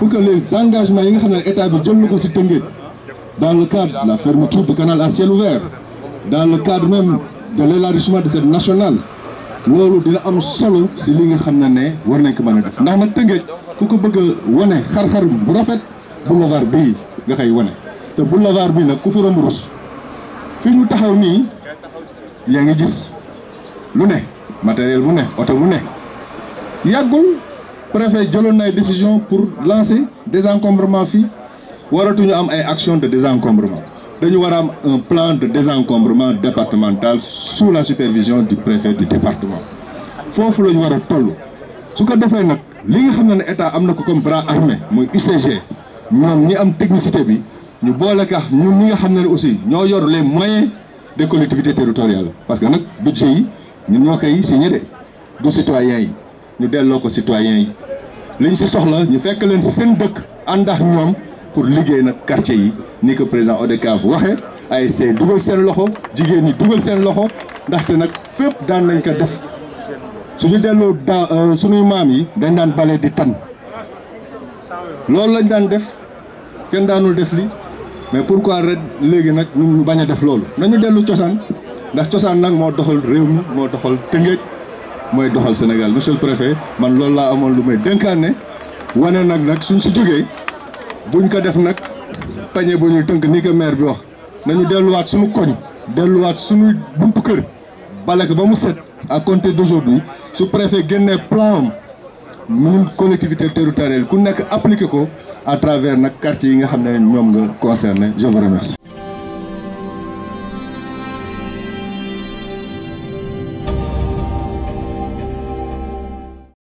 pour que les engagements yi nga xam si dans le cadre de la fermeture du canal à ciel ouvert dans le cadre même de l'élargissement de cette nationale solo si li nga xam ne ne war nañ ko mën a def ndax nag Tëngéej ku ko bëgg a wane xar-xar bu rafet rus fi ñu taxaw nii préfet a pris une décision pour lancer désencombrement fii waratuñu am une action de désencombrement dañu war a un plan de désencombrement départemental sous la supervision du préfet du département Il faut que nous a toll su ko defee nag li nga que état comme bras armé nous UCG avons une technicité Nous ñu aussi les moyens des collectivités territoriales parce que notre budget yi avons signé citoyens ñu delloo ko citoyen yi liñ si soxla ñu fekk leen si seen dëkk àndax ñoom pour liggéey nag quartier yi ni ko président ODCAV waxee ay see dugal seen loxo jigéen ñi dugal seen loxo ndaxte nag fépp daan lañ ko def suñu delloo da euh, suñuy maam yi dañ daan bale di tan loolu lañ daan def kenn daanul def li mais pourquoi red léegi nag ñu bañ def loolu nañu dellu cosaan ndax cosaan nag moo doxal réew mi doxal tëngéej moy doxal Sénégal monsieur le préfet man lool la amone lu may dénkaane wane nak nag suñ si jógee buñ ko def nak pagné buñu ñuy ni ko maire bi wax nañu déllu wat suñu koñ déllu wat suñu buntu kër bale ba mu set à compter d'aujourd'hui su préfet génnee plan am ñun collectivité territoriale ku nek appliquer ko à travers nak quartier yi nga xamné ñom nga concerné je vous remercie